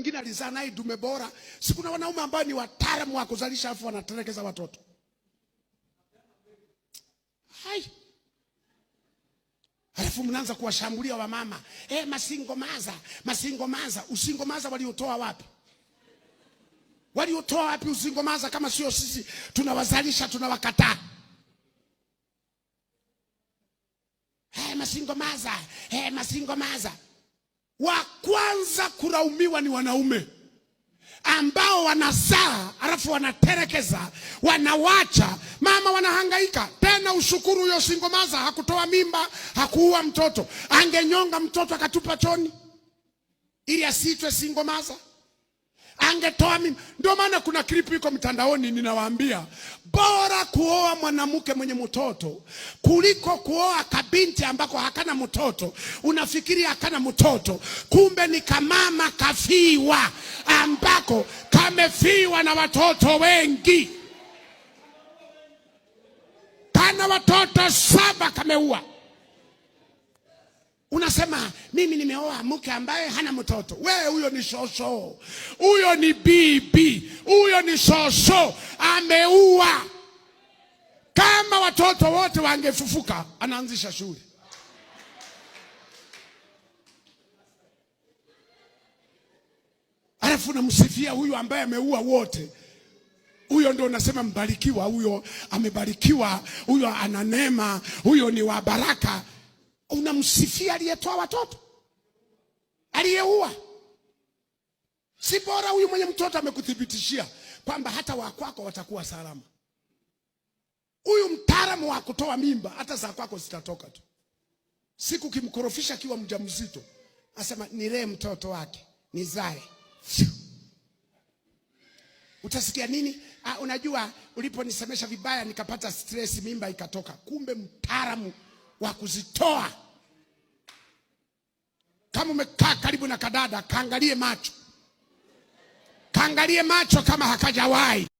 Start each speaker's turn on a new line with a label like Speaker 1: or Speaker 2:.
Speaker 1: Mwingine alizaa naye dume bora. Si kuna wanaume ambao ni wataalamu wa kuzalisha afu wanatelekeza watoto. Hai. Halafu mnaanza kuwashambulia wamama. Eh, masingo maza, masingo maza, usingo maza waliotoa wapi? Waliotoa wapi usingo maza kama sio sisi tunawazalisha tunawakataa. Eh, masingo maza, eh, masingo maza wa kwanza kulaumiwa ni wanaume ambao wanazaa alafu wanaterekeza, wanawacha mama, wanahangaika tena. Ushukuru huyo singomaza hakutoa mimba, hakuua mtoto. Angenyonga mtoto akatupa choni ili asiitwe singomaza angetoa mimi. Ndio maana kuna clip iko mtandaoni, ninawaambia bora kuoa mwanamke mwenye mtoto kuliko kuoa kabinti ambako hakana mtoto. Unafikiri hakana mtoto, kumbe ni kamama kafiwa, ambako kamefiwa na watoto wengi, kana watoto saba kameua Unasema mimi nimeoa mke ambaye hana mtoto. Wewe huyo ni shosho, huyo ni bibi, huyo ni shosho, ameua. Kama watoto wote wangefufuka, anaanzisha shule. Alafu namsifia huyu ambaye ameua wote. Huyo ndio unasema mbarikiwa, huyo amebarikiwa, huyo ana neema, huyo ni wa baraka. Unamsifia aliyetoa watoto, aliyeua? Si bora huyu mwenye mtoto amekuthibitishia kwamba hata wakwako watakuwa salama. Huyu mtaalamu wa kutoa mimba, hata za kwako zitatoka tu. Siku kimkorofisha akiwa mjamzito, asema nilee mtoto wake nizae, utasikia nini? Ah, unajua uliponisemesha vibaya nikapata stress, mimba ikatoka. Kumbe mtaalamu wa kuzitoa. Kama umekaa karibu na kadada, kaangalie macho, kaangalie macho kama hakajawahi